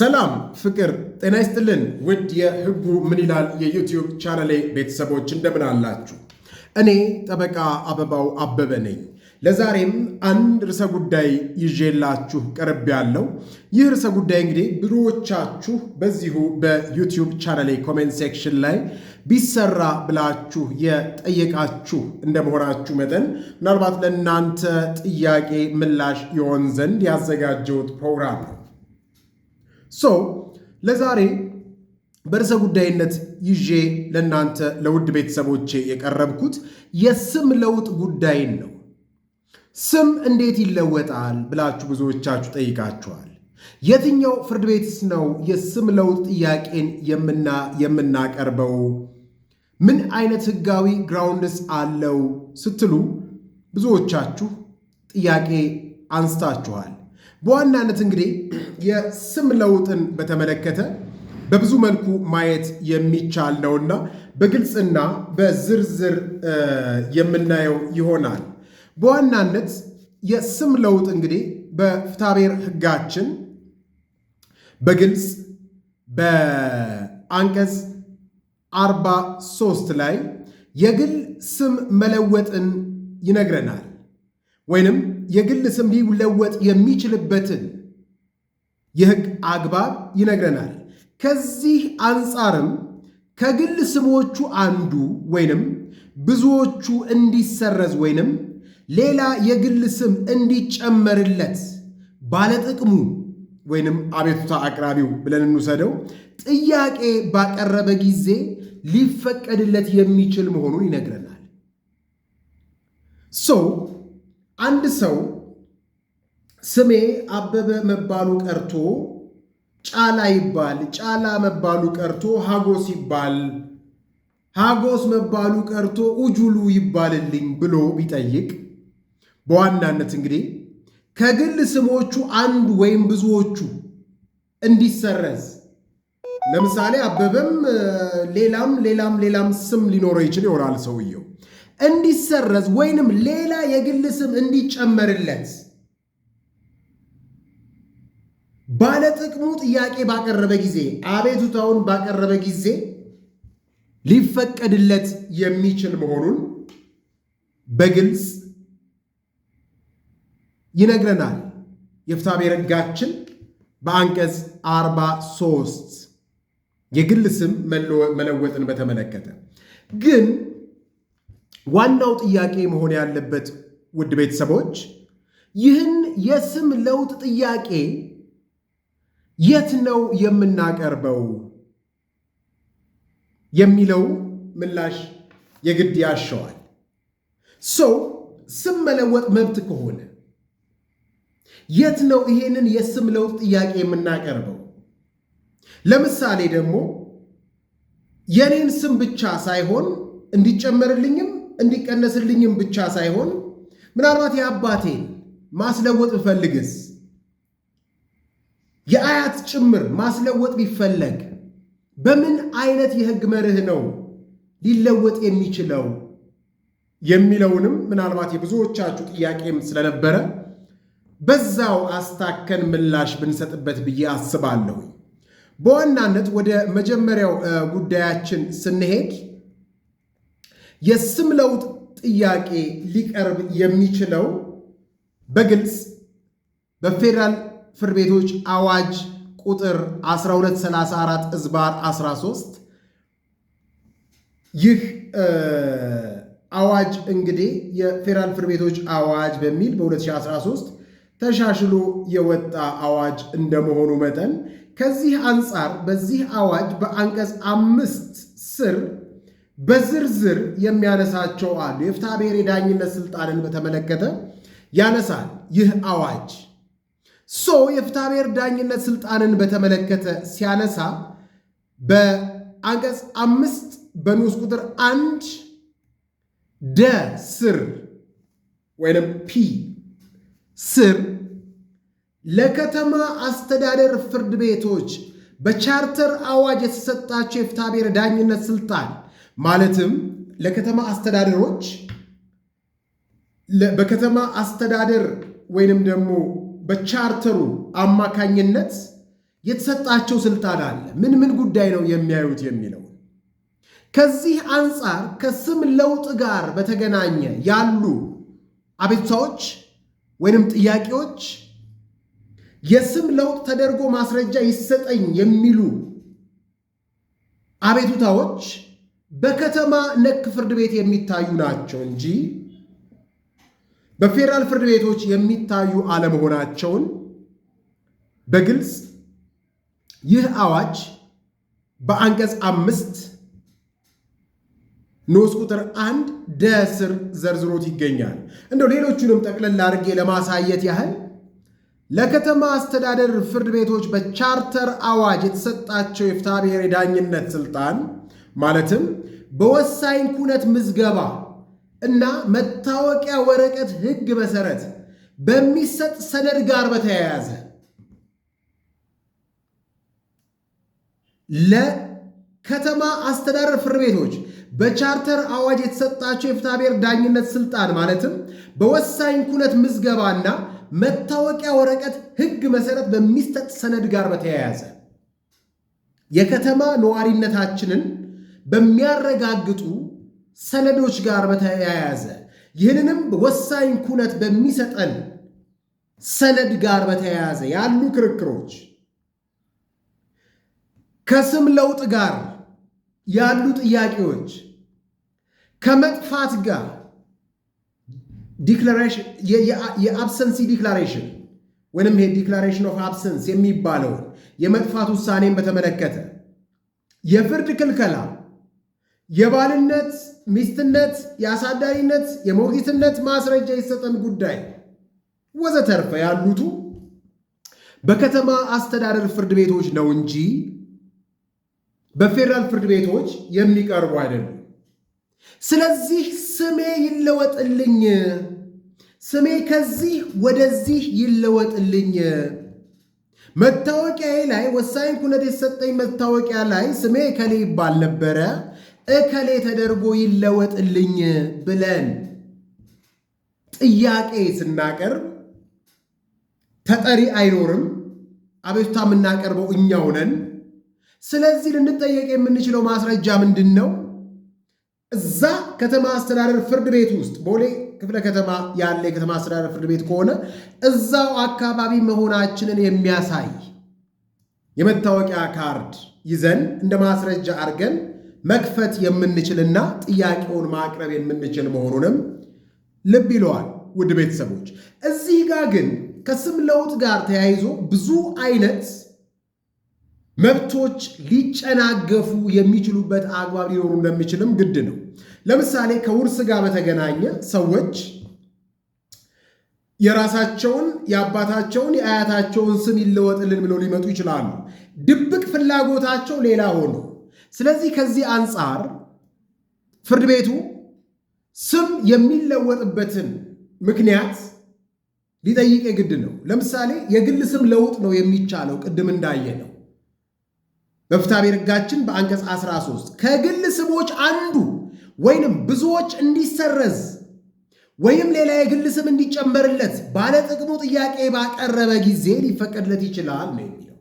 ሰላም ፍቅር ጤና ይስጥልን። ውድ የህጉ ምን ይላል የዩቲዩብ ቻናሌ ቤተሰቦች እንደምን አላችሁ? እኔ ጠበቃ አበባው አበበ ነኝ። ለዛሬም አንድ ርዕሰ ጉዳይ ይዤላችሁ ቀርብ ያለው ይህ ርዕሰ ጉዳይ እንግዲህ ብዙዎቻችሁ በዚሁ በዩቲዩብ ቻናሌ ኮሜንት ሴክሽን ላይ ቢሰራ ብላችሁ የጠየቃችሁ እንደመሆናችሁ መጠን ምናልባት ለእናንተ ጥያቄ ምላሽ ይሆን ዘንድ ያዘጋጀሁት ፕሮግራም ነው። ሶ ለዛሬ በርዕሰ ጉዳይነት ይዤ ለእናንተ ለውድ ቤተሰቦቼ የቀረብኩት የስም ለውጥ ጉዳይን ነው። ስም እንዴት ይለወጣል ብላችሁ ብዙዎቻችሁ ጠይቃችኋል። የትኛው ፍርድ ቤትስ ነው የስም ለውጥ ጥያቄን የምናቀርበው? ምን አይነት ህጋዊ ግራውንድስ አለው ስትሉ ብዙዎቻችሁ ጥያቄ አንስታችኋል። በዋናነት እንግዲህ የስም ለውጥን በተመለከተ በብዙ መልኩ ማየት የሚቻል ነውና በግልጽና በዝርዝር የምናየው ይሆናል። በዋናነት የስም ለውጥ እንግዲህ በፍትሐብሔር ሕጋችን በግልጽ በአንቀጽ 43 ላይ የግል ስም መለወጥን ይነግረናል ወይንም የግል ስም ሊለወጥ የሚችልበትን የሕግ አግባብ ይነግረናል። ከዚህ አንጻርም ከግል ስሞቹ አንዱ ወይንም ብዙዎቹ እንዲሰረዝ ወይንም ሌላ የግል ስም እንዲጨመርለት ባለጥቅሙ ወይንም አቤቱታ አቅራቢው ብለን እንውሰደው ጥያቄ ባቀረበ ጊዜ ሊፈቀድለት የሚችል መሆኑን ይነግረናል። አንድ ሰው ስሜ አበበ መባሉ ቀርቶ ጫላ ይባል፣ ጫላ መባሉ ቀርቶ ሀጎስ ይባል፣ ሀጎስ መባሉ ቀርቶ ኡጁሉ ይባልልኝ ብሎ ቢጠይቅ በዋናነት እንግዲህ ከግል ስሞቹ አንድ ወይም ብዙዎቹ እንዲሰረዝ ለምሳሌ አበበም ሌላም ሌላም ሌላም ስም ሊኖረው ይችል ይሆናል ሰውየው እንዲሰረዝ ወይንም ሌላ የግል ስም እንዲጨመርለት ባለጥቅሙ ጥያቄ ባቀረበ ጊዜ አቤቱታውን ባቀረበ ጊዜ ሊፈቀድለት የሚችል መሆኑን በግልጽ ይነግረናል። የፍትሐብሔር ሕጋችን በአንቀጽ 43 የግል ስም መለወጥን በተመለከተ ግን ዋናው ጥያቄ መሆን ያለበት ውድ ቤተሰቦች ይህን የስም ለውጥ ጥያቄ የት ነው የምናቀርበው የሚለው ምላሽ የግድ ያሻዋል። ሰው ስም መለወጥ መብት ከሆነ የት ነው ይሄንን የስም ለውጥ ጥያቄ የምናቀርበው? ለምሳሌ ደግሞ የኔን ስም ብቻ ሳይሆን እንዲጨመርልኝም እንዲቀነስልኝም ብቻ ሳይሆን ምናልባት የአባቴን ማስለወጥ ብፈልግስ የአያት ጭምር ማስለወጥ ቢፈለግ በምን አይነት የሕግ መርህ ነው ሊለወጥ የሚችለው የሚለውንም ምናልባት የብዙዎቻችሁ ጥያቄም ስለነበረ በዛው አስታከን ምላሽ ብንሰጥበት ብዬ አስባለሁ። በዋናነት ወደ መጀመሪያው ጉዳያችን ስንሄድ የስም ለውጥ ጥያቄ ሊቀርብ የሚችለው በግልጽ በፌዴራል ፍርድ ቤቶች አዋጅ ቁጥር 1234 እዝባር 13 ይህ አዋጅ እንግዲህ የፌዴራል ፍርድ ቤቶች አዋጅ በሚል በ2013 ተሻሽሎ የወጣ አዋጅ እንደመሆኑ መጠን ከዚህ አንጻር በዚህ አዋጅ በአንቀጽ አምስት ስር በዝርዝር የሚያነሳቸው አሉ። የፍትሐ ብሔር የዳኝነት ስልጣንን በተመለከተ ያነሳል ይህ አዋጅ። ሶ የፍትሐ ብሔር ዳኝነት ስልጣንን በተመለከተ ሲያነሳ በአንቀጽ አምስት በንዑስ ቁጥር አንድ ደ ስር ወይም ፒ ስር ለከተማ አስተዳደር ፍርድ ቤቶች በቻርተር አዋጅ የተሰጣቸው የፍትሐ ብሔር ዳኝነት ስልጣን ማለትም ለከተማ አስተዳደሮች በከተማ አስተዳደር ወይንም ደግሞ በቻርተሩ አማካኝነት የተሰጣቸው ስልጣን አለ። ምን ምን ጉዳይ ነው የሚያዩት የሚለው ከዚህ አንጻር ከስም ለውጥ ጋር በተገናኘ ያሉ አቤቱታዎች ወይንም ጥያቄዎች የስም ለውጥ ተደርጎ ማስረጃ ይሰጠኝ የሚሉ አቤቱታዎች በከተማ ነክ ፍርድ ቤት የሚታዩ ናቸው እንጂ በፌዴራል ፍርድ ቤቶች የሚታዩ አለመሆናቸውን በግልጽ ይህ አዋጅ በአንቀጽ አምስት ንዑስ ቁጥር አንድ ደስር ዘርዝሮት ይገኛል። እንደው ሌሎቹንም ጠቅለል አድርጌ ለማሳየት ያህል ለከተማ አስተዳደር ፍርድ ቤቶች በቻርተር አዋጅ የተሰጣቸው የፍትሐ ብሔር የዳኝነት ስልጣን ማለትም በወሳኝ ኩነት ምዝገባ እና መታወቂያ ወረቀት ሕግ መሰረት በሚሰጥ ሰነድ ጋር በተያያዘ ለከተማ አስተዳደር ፍርድ ቤቶች በቻርተር አዋጅ የተሰጣቸው የፍትሐብሔር ዳኝነት ስልጣን ማለትም በወሳኝ ኩነት ምዝገባና መታወቂያ ወረቀት ሕግ መሰረት በሚሰጥ ሰነድ ጋር በተያያዘ የከተማ ነዋሪነታችንን በሚያረጋግጡ ሰነዶች ጋር በተያያዘ ይህንንም ወሳኝ ኩነት በሚሰጠን ሰነድ ጋር በተያያዘ ያሉ ክርክሮች ከስም ለውጥ ጋር ያሉ ጥያቄዎች ከመጥፋት ጋር የአብሰንሲ ዲክላሬሽን ወይም ይሄ ዲክላሬሽን ኦፍ አብሰንስ የሚባለውን የመጥፋት ውሳኔን በተመለከተ የፍርድ ክልከላ የባልነት ሚስትነት፣ የአሳዳሪነት፣ የሞግዚትነት ማስረጃ ይሰጠን ጉዳይ ወዘተርፈ ያሉቱ በከተማ አስተዳደር ፍርድ ቤቶች ነው እንጂ በፌዴራል ፍርድ ቤቶች የሚቀርቡ አይደሉም። ስለዚህ ስሜ ይለወጥልኝ፣ ስሜ ከዚህ ወደዚህ ይለወጥልኝ፣ መታወቂያ ላይ ወሳኝ ኩነት የተሰጠኝ መታወቂያ ላይ ስሜ ከሌ ይባል ነበረ እከሌ ተደርጎ ይለወጥልኝ ብለን ጥያቄ ስናቀርብ ተጠሪ አይኖርም። አቤቱታ የምናቀርበው እኛው ነን። ስለዚህ ልንጠየቅ የምንችለው ማስረጃ ምንድን ነው? እዛ ከተማ አስተዳደር ፍርድ ቤት ውስጥ ቦሌ ክፍለ ከተማ ያለ የከተማ አስተዳደር ፍርድ ቤት ከሆነ እዛው አካባቢ መሆናችንን የሚያሳይ የመታወቂያ ካርድ ይዘን እንደ ማስረጃ አድርገን መክፈት የምንችልና ጥያቄውን ማቅረብ የምንችል መሆኑንም ልብ ይለዋል። ውድ ቤተሰቦች እዚህ ጋር ግን ከስም ለውጥ ጋር ተያይዞ ብዙ አይነት መብቶች ሊጨናገፉ የሚችሉበት አግባብ ሊኖሩ እንደሚችልም ግድ ነው። ለምሳሌ ከውርስ ጋር በተገናኘ ሰዎች የራሳቸውን የአባታቸውን የአያታቸውን ስም ይለወጥልን ብለው ሊመጡ ይችላሉ። ድብቅ ፍላጎታቸው ሌላ ሆኖ ስለዚህ ከዚህ አንጻር ፍርድ ቤቱ ስም የሚለወጥበትን ምክንያት ሊጠይቅ የግድ ነው። ለምሳሌ የግል ስም ለውጥ ነው የሚቻለው ቅድም እንዳየ ነው በፍትሐ ሕጋችን በአንቀጽ 13 ከግል ስሞች አንዱ ወይንም ብዙዎች እንዲሰረዝ ወይም ሌላ የግል ስም እንዲጨመርለት ባለጥቅሙ ጥያቄ ባቀረበ ጊዜ ሊፈቀድለት ይችላል ነው የሚለው።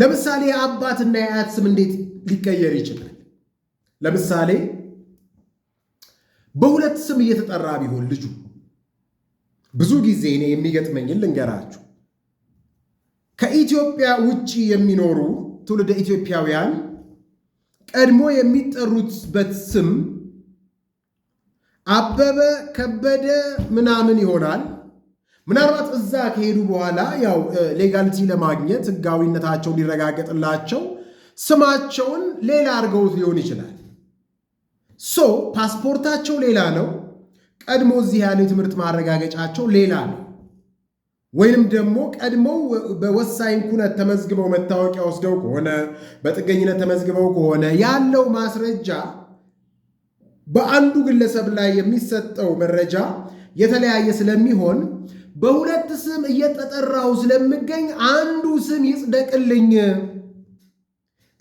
ለምሳሌ የአባትና የአያት ስም እንዴት ሊቀየር ይችላል። ለምሳሌ በሁለት ስም እየተጠራ ቢሆን ልጁ ብዙ ጊዜ እኔ የሚገጥመኝን ልንገራችሁ። ከኢትዮጵያ ውጭ የሚኖሩ ትውልደ ኢትዮጵያውያን ቀድሞ የሚጠሩትበት ስም አበበ ከበደ ምናምን ይሆናል። ምናልባት እዛ ከሄዱ በኋላ ያው ሌጋልቲ ለማግኘት ህጋዊነታቸው ሊረጋገጥላቸው ስማቸውን ሌላ አድርገውት ሊሆን ይችላል። ሶ ፓስፖርታቸው ሌላ ነው። ቀድሞ እዚህ ያለው የትምህርት ማረጋገጫቸው ሌላ ነው። ወይንም ደግሞ ቀድሞው በወሳኝ ኩነት ተመዝግበው መታወቂያ ወስደው ከሆነ በጥገኝነት ተመዝግበው ከሆነ ያለው ማስረጃ በአንዱ ግለሰብ ላይ የሚሰጠው መረጃ የተለያየ ስለሚሆን በሁለት ስም እየተጠራው ስለምገኝ አንዱ ስም ይጽደቅልኝ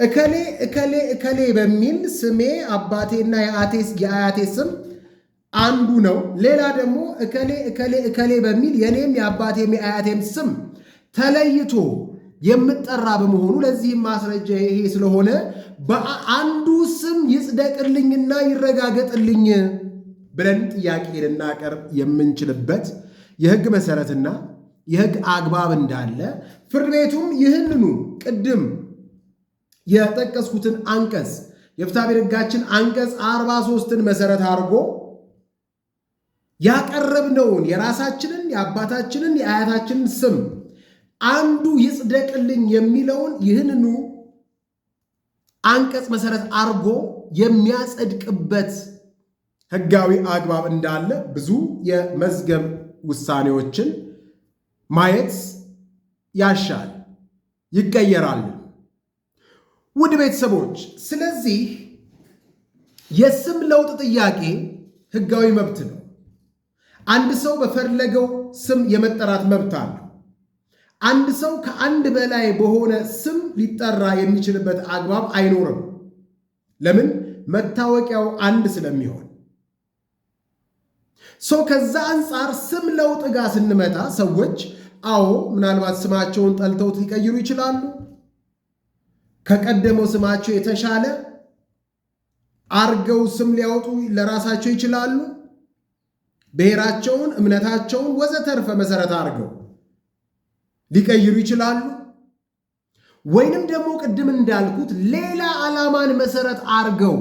እከሌ እከሌ እከሌ በሚል ስሜ አባቴና የአያቴ ስም አንዱ ነው። ሌላ ደግሞ እከሌ እከሌ እከሌ በሚል የኔም የአባቴም የአያቴም ስም ተለይቶ የምጠራ በመሆኑ ለዚህም ማስረጃ ይሄ ስለሆነ በአንዱ ስም ይጽደቅልኝና ይረጋገጥልኝ ብለን ጥያቄ ልናቀርብ የምንችልበት የህግ መሰረትና የህግ አግባብ እንዳለ ፍርድ ቤቱም ይህንኑ ቅድም የጠቀስኩትን አንቀጽ የፍትሐብሔር ሕጋችን አንቀጽ አርባ ን መሰረት አድርጎ ያቀረብነውን የራሳችንን የአባታችንን የአያታችንን ስም አንዱ ይጽደቅልኝ የሚለውን ይህንኑ አንቀጽ መሰረት አድርጎ የሚያጸድቅበት ህጋዊ አግባብ እንዳለ ብዙ የመዝገብ ውሳኔዎችን ማየት ያሻል፣ ይቀየራል። ውድ ቤተሰቦች፣ ስለዚህ የስም ለውጥ ጥያቄ ህጋዊ መብት ነው። አንድ ሰው በፈለገው ስም የመጠራት መብት አለው። አንድ ሰው ከአንድ በላይ በሆነ ስም ሊጠራ የሚችልበት አግባብ አይኖርም። ለምን? መታወቂያው አንድ ስለሚሆን ሰው ከዛ አንጻር ስም ለውጥ ጋር ስንመጣ ሰዎች አዎ፣ ምናልባት ስማቸውን ጠልተውት ሊቀይሩ ይችላሉ። ከቀደመው ስማቸው የተሻለ አርገው ስም ሊያወጡ ለራሳቸው ይችላሉ። ብሔራቸውን፣ እምነታቸውን ወዘተርፈ መሰረት አድርገው ሊቀይሩ ይችላሉ። ወይንም ደግሞ ቅድም እንዳልኩት ሌላ ዓላማን መሰረት አርገው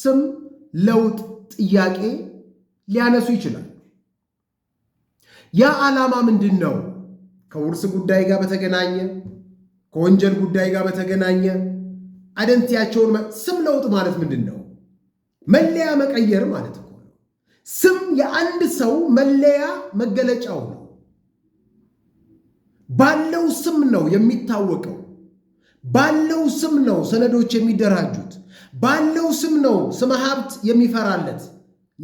ስም ለውጥ ጥያቄ ሊያነሱ ይችላል። ያ ዓላማ ምንድን ነው? ከውርስ ጉዳይ ጋር በተገናኘ ከወንጀል ጉዳይ ጋር በተገናኘ አደንቲያቸውን ስም ለውጥ ማለት ምንድን ነው? መለያ መቀየር ማለት ነው። ስም የአንድ ሰው መለያ መገለጫው ነው። ባለው ስም ነው የሚታወቀው። ባለው ስም ነው ሰነዶች የሚደራጁት። ባለው ስም ነው ስመ ሀብት የሚፈራለት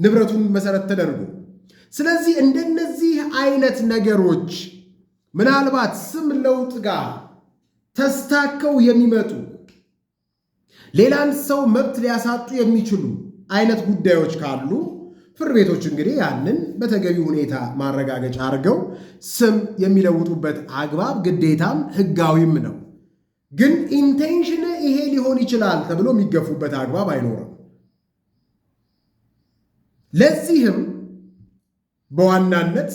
ንብረቱን መሰረት ተደርጎ። ስለዚህ እንደነዚህ አይነት ነገሮች ምናልባት ስም ለውጥ ጋር ተስታከው የሚመጡ ሌላን ሰው መብት ሊያሳጡ የሚችሉ አይነት ጉዳዮች ካሉ ፍርድ ቤቶች እንግዲህ ያንን በተገቢ ሁኔታ ማረጋገጫ አድርገው ስም የሚለውጡበት አግባብ ግዴታም ህጋዊም ነው። ግን ኢንቴንሽን ይሄ ሊሆን ይችላል ተብሎ የሚገፉበት አግባብ አይኖርም። ለዚህም በዋናነት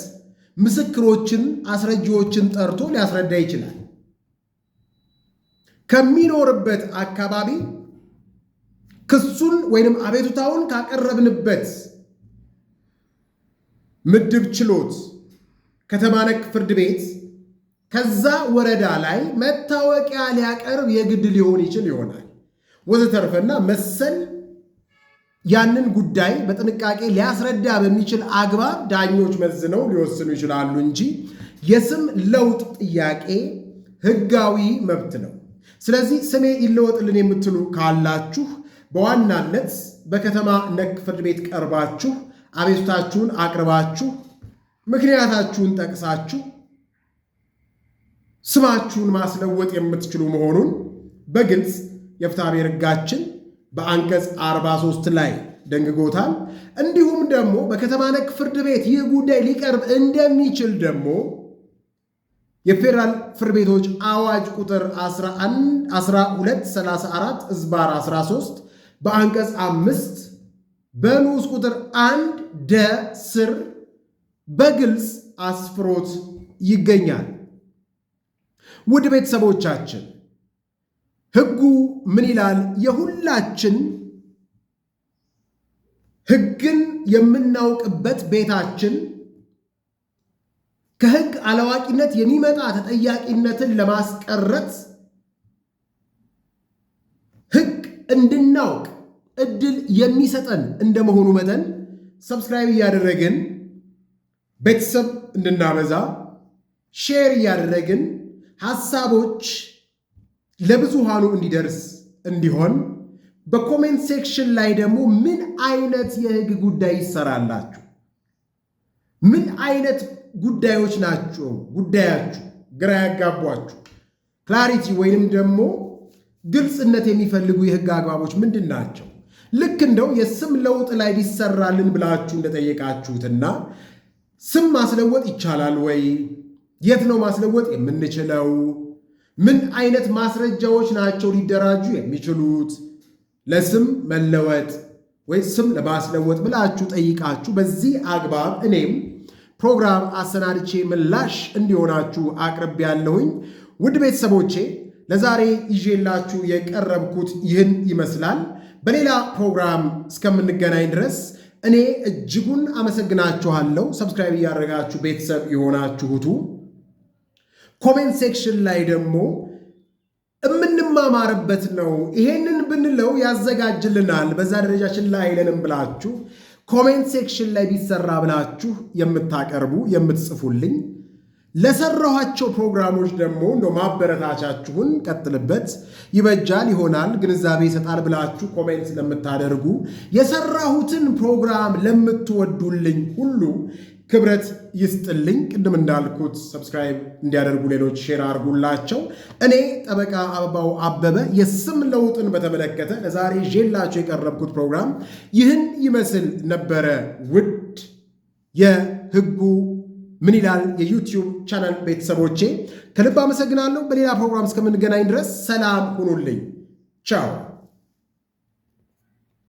ምስክሮችን፣ አስረጂዎችን ጠርቶ ሊያስረዳ ይችላል። ከሚኖርበት አካባቢ ክሱን ወይም አቤቱታውን ካቀረብንበት ምድብ ችሎት ከተማነክ ፍርድ ቤት ከዛ ወረዳ ላይ መታወቂያ ሊያቀርብ የግድ ሊሆን ይችል ይሆናል ወዘተርፈና መሰል ያንን ጉዳይ በጥንቃቄ ሊያስረዳ በሚችል አግባብ ዳኞች መዝነው ሊወስኑ ይችላሉ እንጂ የስም ለውጥ ጥያቄ ሕጋዊ መብት ነው። ስለዚህ ስሜ ይለወጥልን የምትሉ ካላችሁ በዋናነት በከተማ ነክ ፍርድ ቤት ቀርባችሁ አቤቱታችሁን አቅርባችሁ ምክንያታችሁን ጠቅሳችሁ ስማችሁን ማስለወጥ የምትችሉ መሆኑን በግልጽ የፍትሐብሔር ሕጋችን በአንቀጽ 43 ላይ ደንግጎታል። እንዲሁም ደግሞ በከተማ ነክ ፍርድ ቤት ይህ ጉዳይ ሊቀርብ እንደሚችል ደግሞ የፌዴራል ፍርድ ቤቶች አዋጅ ቁጥር 1234 እዝባር 13 በአንቀጽ አምስት በንዑስ ቁጥር አንድ ደ ስር በግልጽ አስፍሮት ይገኛል። ውድ ቤተሰቦቻችን ሕጉ ምን ይላል? የሁላችን ሕግን የምናውቅበት ቤታችን ከህግ አላዋቂነት የሚመጣ ተጠያቂነትን ለማስቀረት ህግ እንድናውቅ እድል የሚሰጠን እንደመሆኑ መጠን ሰብስክራይብ እያደረግን ቤተሰብ እንድናበዛ ሼር እያደረግን ሀሳቦች ለብዙሃኑ እንዲደርስ እንዲሆን በኮሜንት ሴክሽን ላይ ደግሞ ምን አይነት የህግ ጉዳይ ይሰራላችሁ? ምን አይነት ጉዳዮች ናቸው። ጉዳያችሁ ግራ ያጋቧችሁ ክላሪቲ ወይንም ደግሞ ግልጽነት የሚፈልጉ የህግ አግባቦች ምንድን ናቸው? ልክ እንደው የስም ለውጥ ላይ ሊሰራልን ብላችሁ እንደጠየቃችሁትና ስም ማስለወጥ ይቻላል ወይ? የት ነው ማስለወጥ የምንችለው? ምን አይነት ማስረጃዎች ናቸው ሊደራጁ የሚችሉት? ለስም መለወጥ ወይ ስም ለማስለወጥ ብላችሁ ጠይቃችሁ በዚህ አግባብ እኔም ፕሮግራም አሰናድቼ ምላሽ እንዲሆናችሁ አቅርብ ያለሁኝ። ውድ ቤተሰቦቼ ለዛሬ ይዤላችሁ የቀረብኩት ይህን ይመስላል። በሌላ ፕሮግራም እስከምንገናኝ ድረስ እኔ እጅጉን አመሰግናችኋለሁ። ሰብስክራይብ እያደረጋችሁ ቤተሰብ የሆናችሁቱ ኮሜንት ሴክሽን ላይ ደግሞ የምንማማርበት ነው፣ ይሄንን ብንለው ያዘጋጅልናል፣ በዛ ደረጃችን ላይ አይለንም ብላችሁ ኮሜንት ሴክሽን ላይ ቢሰራ ብላችሁ የምታቀርቡ የምትጽፉልኝ ለሰራኋቸው ፕሮግራሞች ደግሞ እንደ ማበረታቻችሁን ቀጥልበት፣ ይበጃል፣ ይሆናል፣ ግንዛቤ ይሰጣል ብላችሁ ኮሜንት ለምታደርጉ የሰራሁትን ፕሮግራም ለምትወዱልኝ ሁሉ ክብረት ይስጥልኝ። ቅድም እንዳልኩት ሰብስክራይብ እንዲያደርጉ ሌሎች ሼር አድርጉላቸው። እኔ ጠበቃ አበባው አበበ የስም ለውጥን በተመለከተ ለዛሬ ይዤላቸው የቀረብኩት ፕሮግራም ይህን ይመስል ነበረ። ውድ የህጉ ምን ይላል የዩቲዩብ ቻናል ቤተሰቦቼ ከልብ አመሰግናለሁ። በሌላ ፕሮግራም እስከምንገናኝ ድረስ ሰላም ሁኑልኝ። ቻው